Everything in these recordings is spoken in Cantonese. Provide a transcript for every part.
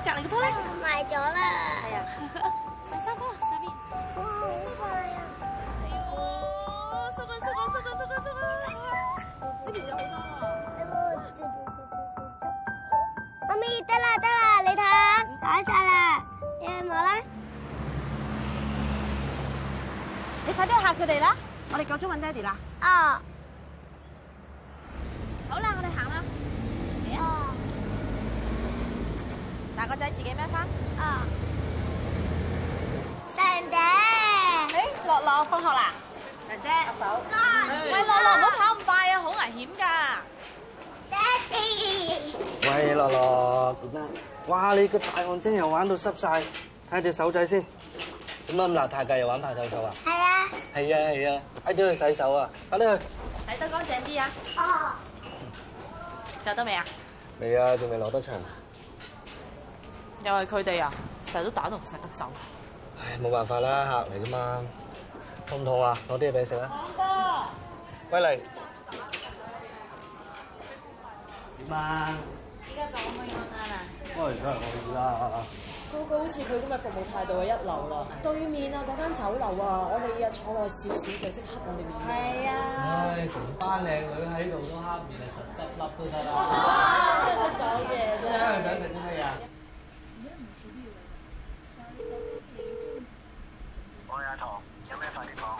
夾嚟幾多咧？埋咗啦！係、 哦、啊，快收波，上面。哇，好快啊！哎呀，收緊，收緊，收緊， 收緊，收緊！呢邊有好多。媽咪，得啦得啦，你睇。打晒啦，你去冇啦？你快啲吓佢哋啦，我哋夠鐘搵爹哋啦。哦。大個仔自己咩翻？啊！長姐，哎，諾諾放學啦！長姐，阿手。喂，諾諾，唔好跑咁快啊，好危險噶！爹哋，喂，諾諾，咁樣，哇，你個大汗蒸又玩到濕晒，睇下隻手仔先，點解咁邋遢計又玩排球手啊？係啊，係啊係啊，快啲去洗手啊！快啲去，洗得乾淨啲啊！哦，就到未啊？未啊，仲未落得床。又係佢哋啊！成日都打到唔捨得走。唉，冇辦法啦，客嚟噶嘛。痛唔痛啊？攞啲嘢俾你食啦。講喂！威利。點啊？而家講可以唔得啦。應該應該可以啦。個個好似佢咁嘅服務態度係一流啦。對面啊，嗰間酒樓啊，我哋日坐耐少少就即刻講啲咩啊？係啊。唉，成班靚女喺度都黑面啊，十執粒都得啦。啊，真係識講嘢啫。想食咩啊？有咩快啲講？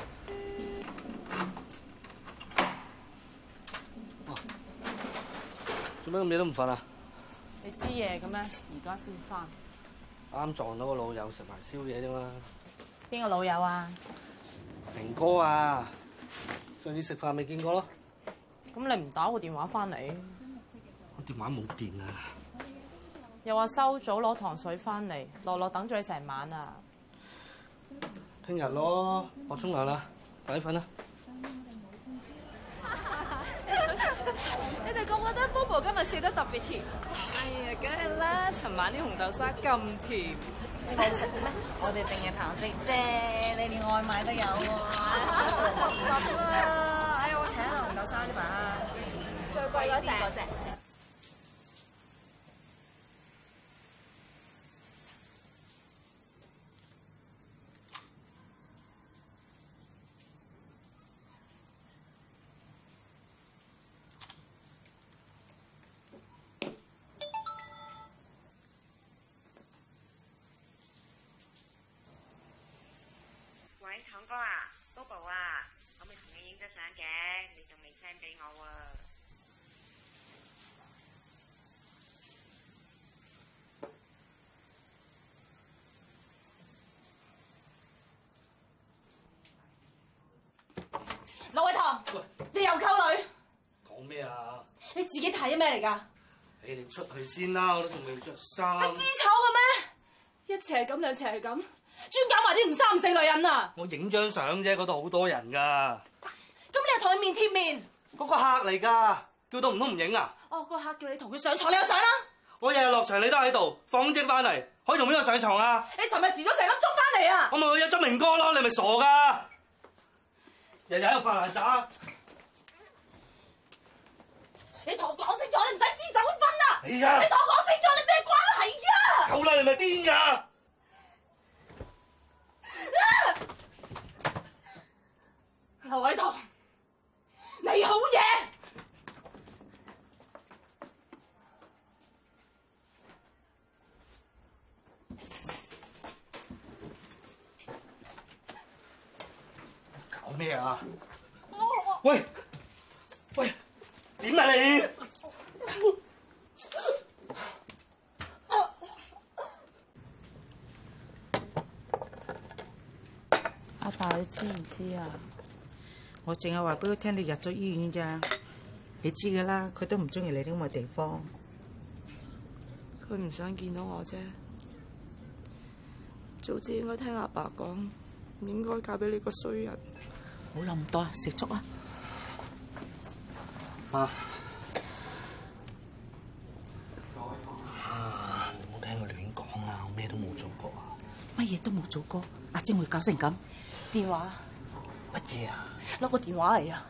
做咩咁夜都唔瞓啊？你知嘢嘅咩？而家先返？啱撞到個老友食埋宵夜啫嘛？邊個老友啊？明哥啊！上次食飯未見過咯？咁你唔打個電話翻嚟？我電話冇電啊！又話收早攞糖水翻嚟，諾諾等咗你成晚啊！聽日咯，我沖涼啦，快啲瞓啦。 你哋覺唔覺得 Bobo 今日笑得特別甜？哎呀，梗係啦，尋晚啲紅豆沙咁甜，你冇食嘅咩？我哋定日堂食啫， 你連外賣都有喎，啊。 哎呀，我請紅豆沙啫嘛， 最貴嗰隻。 咪棠哥啊 Bobo 啊，我咪同你影張相嘅，你仲未 send 俾我喎。劉偉棠，你又溝女？講咩啊？你自己睇咗咩嚟㗎？你哋出去先啦，我都仲未着衫。你知醜嘅咩？一尺係咁，兩尺係咁。專搞埋啲唔三唔四女人啊！我影張相啫，嗰度好多人噶。咁你同佢面貼面？嗰個客嚟噶，叫到唔通唔影啊？哦，個客叫你同佢上床，你又上啦！我日日落場，你都喺度放風即翻嚟，可以同邊個上床啊？你尋日遲咗成粒鐘翻嚟啊？我咪去約鍾明哥咯，你咪傻噶？日日喺度發爛渣，你同我講清楚，你唔使自走婚啦。係啊，你同我講清楚，你咩關係啊？夠啦，你咪癲噶！劉偉棠，你好嘢，搞咩啊？喂喂，點啊你？知唔知啊？我淨係話俾佢聽你入咗醫院咋，你知噶啦。佢都唔中意嚟呢個地方，佢唔想見到我啫。早知應該聽阿爸講，唔應該嫁俾你個衰人。唔好諗咁多啊，食粥啊，媽爸。你冇聽佢亂講啊，我咩都冇做過啊。乜嘢都冇做過，阿貞會搞成咁？電話乜嘢啊？攞個電話嚟啊！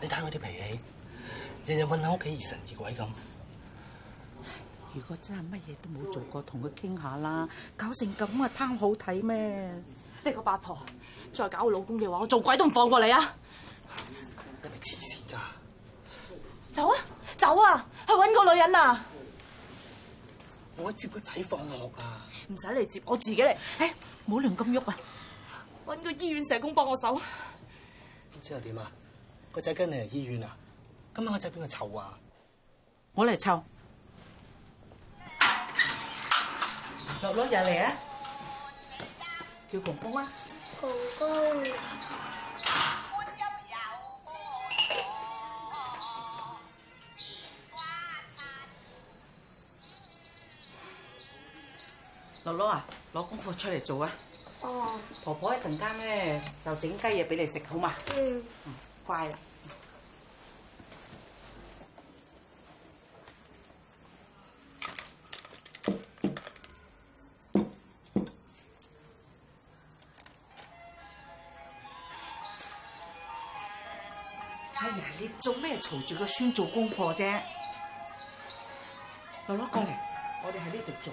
你睇佢啲脾氣，日日韫喺屋企，疑神疑鬼咁。如果真係乜嘢都冇做過，同佢傾下啦。搞成咁啊，貪好睇咩？呢個八婆再搞我老公嘅話，我做鬼都唔放過你啊！你咪黐線㗎！走啊！走啊！去搵個女人啊！我接個仔放學啊！唔使嚟接，我自己嚟。哎，唔好亂咁喐啊！揾個醫院社工幫我手。唔知又點啊？個仔跟你嚟醫院啊？今晚個仔邊度湊啊？我嚟湊。諾諾，入嚟啊！叫公公啊！公公。諾諾啊，攞功課出嚟做啊！哦，婆婆一陣間咧就整雞嘢俾你食，好嘛？嗯，嗯，乖啦了。哎呀，你做咩嘈住個孫做功課啫？諾諾過嚟，嗯、我哋喺呢度做。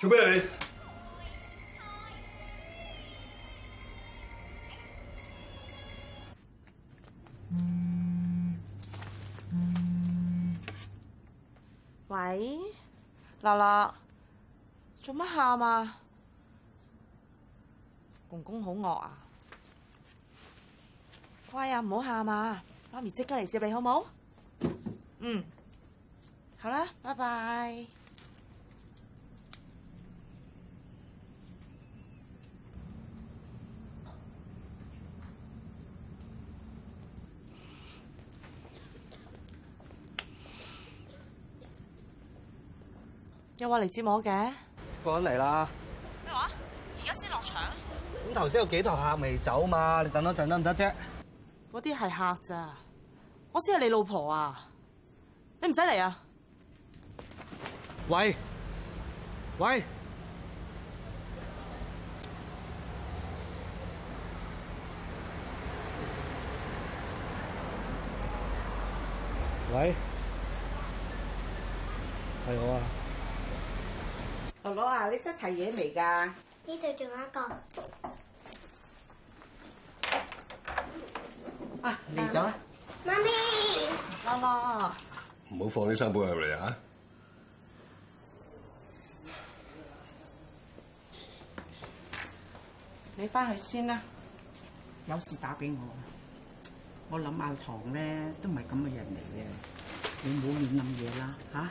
準備嚟？你喂，諾諾，做乜喊啊？公公好惡啊！乖啊，唔好喊啊！媽咪即刻嚟接你，好唔好？嗯，好啦，拜拜。又話嚟接我嘅，過緊嚟啦。咩話？而家先落場？咁頭先有幾台客未走嘛？你等多陣得唔得啫？嗰啲係客咋，我先係你老婆啊！你唔使嚟啊！喂喂喂，係我啊！諾諾啊，你執齊嘢未噶？呢度仲有一個。啊，嚟咗。媽咪。諾諾。唔好放啲生果入嚟啊。你翻去先啦，有事打俾我。我諗阿棠咧都唔係咁嘅人嚟嘅，你唔好亂諗嘢啦，吓、啊？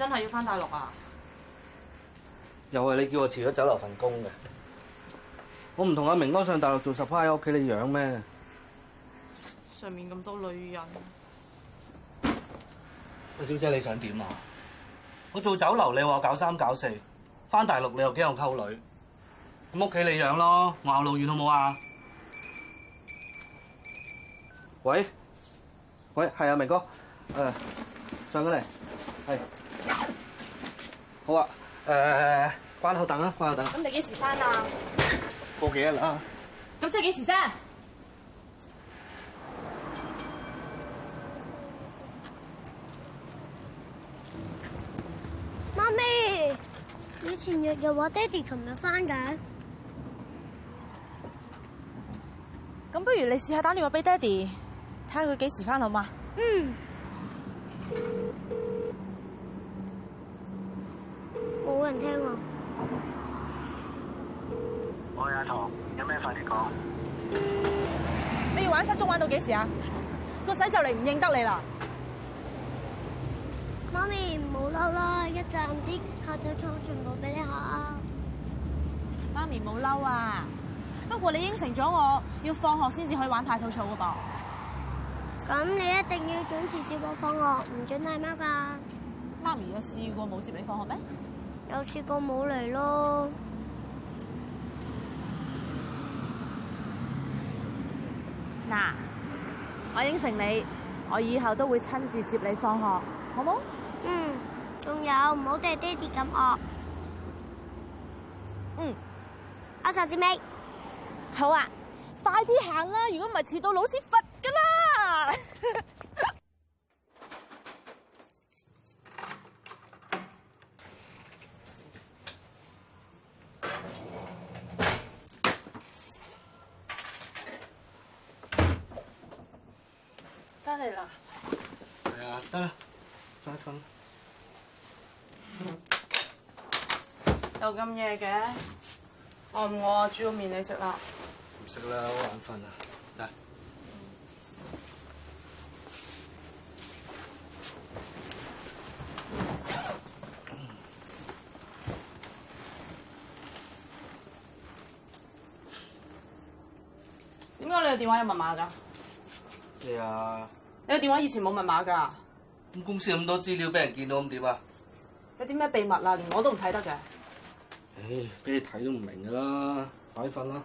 真係要翻大陸啊！又係你叫我辭咗酒樓份工嘅。我唔同阿明哥上大陸做十 p 喺屋企你養咩？上面咁多女人。喂，小姐你想點啊？我做酒樓你話我搞三搞四，翻大陸你又驚我溝女，咁屋企你養咯，我話路遠好唔好啊？喂喂，係啊，明哥，誒、呃，上咗嚟，係。好啊，誒、呃，關口等啦，關口等。咁你幾時翻啊？過幾日啦。咁即係幾時啫？媽咪，以前日日話爹哋琴日翻嘅，咁不如你試下打電話俾爹哋，睇下佢幾時翻好嗎？嗯。玩失蹤玩到幾時啊？個仔就嚟唔認得你啦！媽咪唔好嬲啦，一陣啲下晝草全部俾你學啊！媽咪唔好嬲啊！不過你應承咗我要放學先至可以玩派草草噶噃。咁你一定要準時接我放學，唔准賴貓噶。媽咪有試過冇接你放學咩？有試過冇嚟咯。嗱，我應承你，我以後都會親自接你放學，好冇？嗯，仲有唔好對爹哋咁惡。爸爸，嗯，阿壽子尾，好啊，快啲行啦！如果唔係遲到，老師罰㗎喇。 咁夜嘅，我唔餓啊？煮個麵你食啦。唔食啦，好眼瞓啊。嚟。點解、嗯、 你嘅電話有密碼㗎？咩啊、哎呀？你嘅電話以前冇密碼㗎。咁公司咁多資料俾人見到，咁點啊？有啲咩秘密啊？連我都唔睇得嘅。唉，俾、哎、你睇都唔明㗎啦，快瞓啦！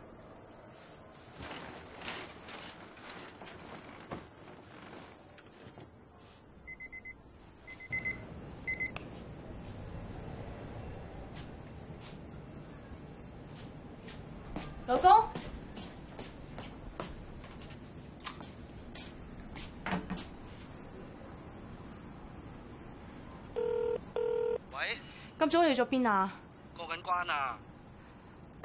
老公，喂，咁早你去咗邊啊？關啊！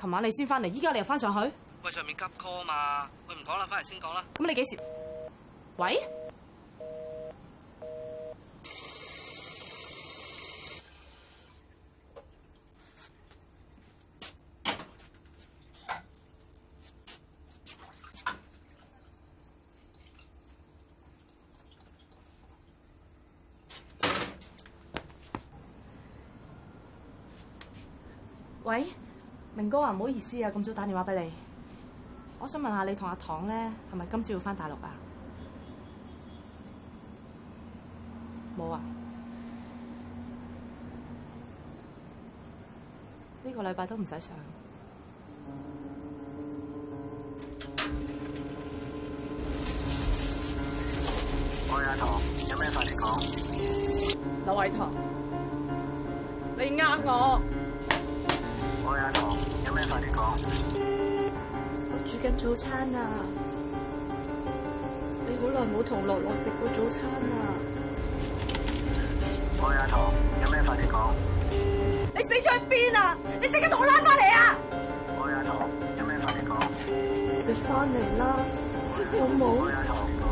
琴晚你先翻嚟，依家你又翻上去？喂，上面急 call 啊嘛？喂，唔講啦，翻嚟先講啦。咁你幾時？喂？哥啊，唔好意思啊，咁早打電話俾你，我想問下你同阿棠咧，係咪今朝要翻大陸啊？冇啊，呢個禮拜都唔使上。我係阿棠，有咩快啲講。喂，阿棠，你呃我？我係阿棠。快啲講！我煮緊早餐啊！你好耐冇同諾諾食過早餐啊。我係阿棠，有咩快啲講！你死咗去邊啊！你即刻同我拉翻嚟啊！我係阿棠，有咩快啲講！你翻嚟啦，好冇？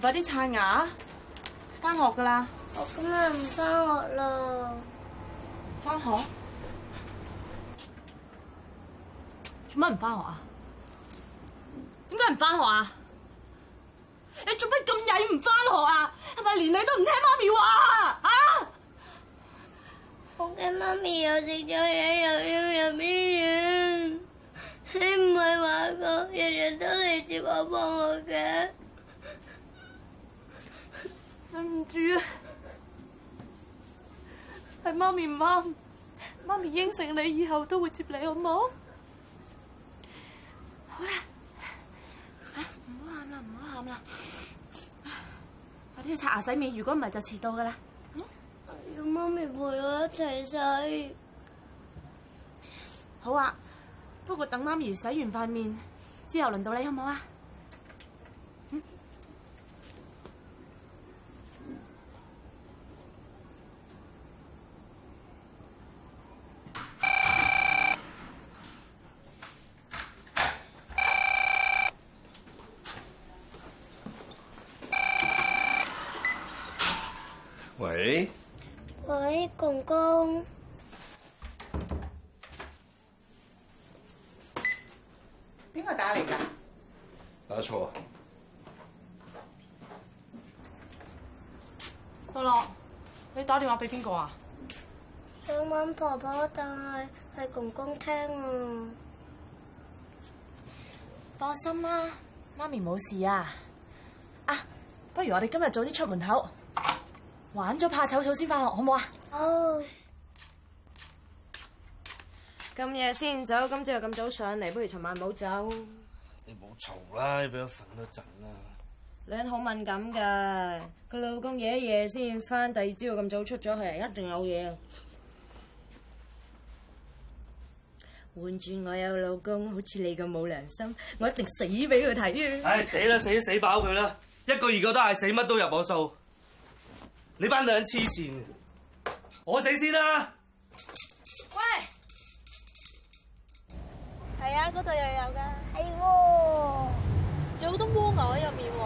快啲刷牙，翻學噶啦！我今日唔翻學咯，翻學做乜？唔翻學啊？點解唔翻學啊？你做乜咁曳唔翻學啊？係咪連你都唔聽媽咪話啊？我嘅媽咪又食咗嘢，又要入醫院。你唔係話過，日日都嚟接我返學嘅？對唔住啊，係媽咪唔啱，媽咪應承你以後都會接你，好唔好？好啦，吓唔好喊啦，唔好喊啦，快啲去刷牙洗面，如果唔係就遲到噶啦。嗯，要媽咪陪我一齊洗。好啊，不過等媽咪洗完塊面之後，輪到你好唔好啊？公公，邊個打嚟噶？打錯啊！諾諾，你打電話俾邊個啊？想搵婆婆，但係係公公聽啊！放心啦，媽咪冇事啊！啊，不如我哋今日早啲出門口，玩咗怕醜草先翻學，好唔好啊？哦，咁夜先走，今朝又咁早上嚟，不如尋晚冇走。你冇嘈啦，你俾我瞓多陣啦。女人好敏感噶，佢老公夜一夜先返，第二朝又咁早出咗去，一定有嘢。換轉 我有老公，好似你咁冇良心，我一定死俾佢睇，唉，死啦死啦死飽佢啦，一個二個都係死，乜都入我數。你班女人黐線。我死先啦！喂，係啊，嗰度又有噶，係喎，啊，仲有好多蝸牛喺入面喎，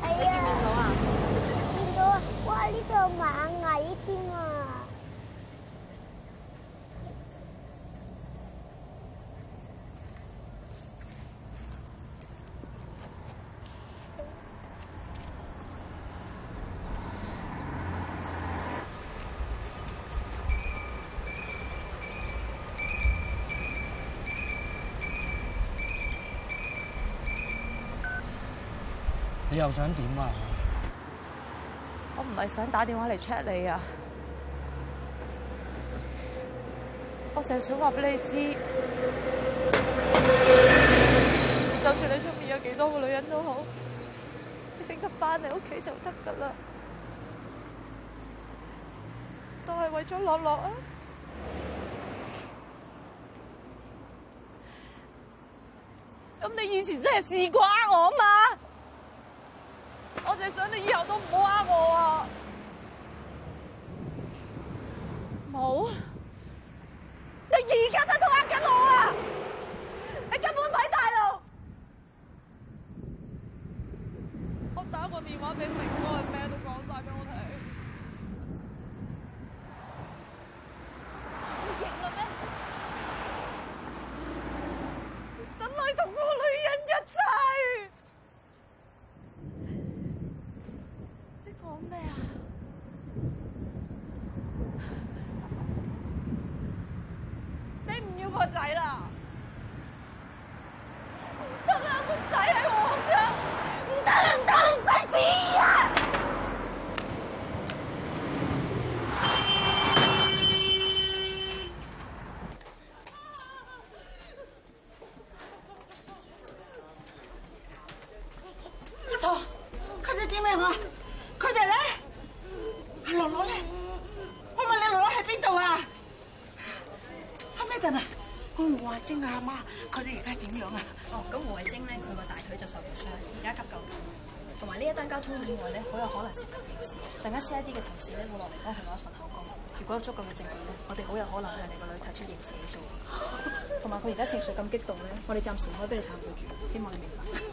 啊，你見到啊？見到見見，哇！呢度螞蟻添啊！又想點啊？我唔係想打電話嚟 check 你啊，我就係想話俾你知啊，就算你出面有幾多個女人都好，你升得翻嚟屋企就得噶啦，都係為咗諾諾啊。咁你以前真係試過呃我嘛？我淨係想你以後都唔好呃我啊！冇？你而家都都呃緊我啊！你根本唔係大路。我打個電話畀你。阿媽，佢哋而家點樣啊？哦，咁胡惠貞咧，佢個大腿就受咗傷，而家急救緊。同埋呢一單交通意外咧，好有可能涉及刑事。陣間 C.I.D 嘅同事咧，會落嚟幫佢攞一份口供。如果有足夠嘅證據咧，我哋好有可能向你個女提出刑事起訴。同埋佢而家情緒咁激動咧，我哋暫時唔可以俾你探佢住，希望你明白。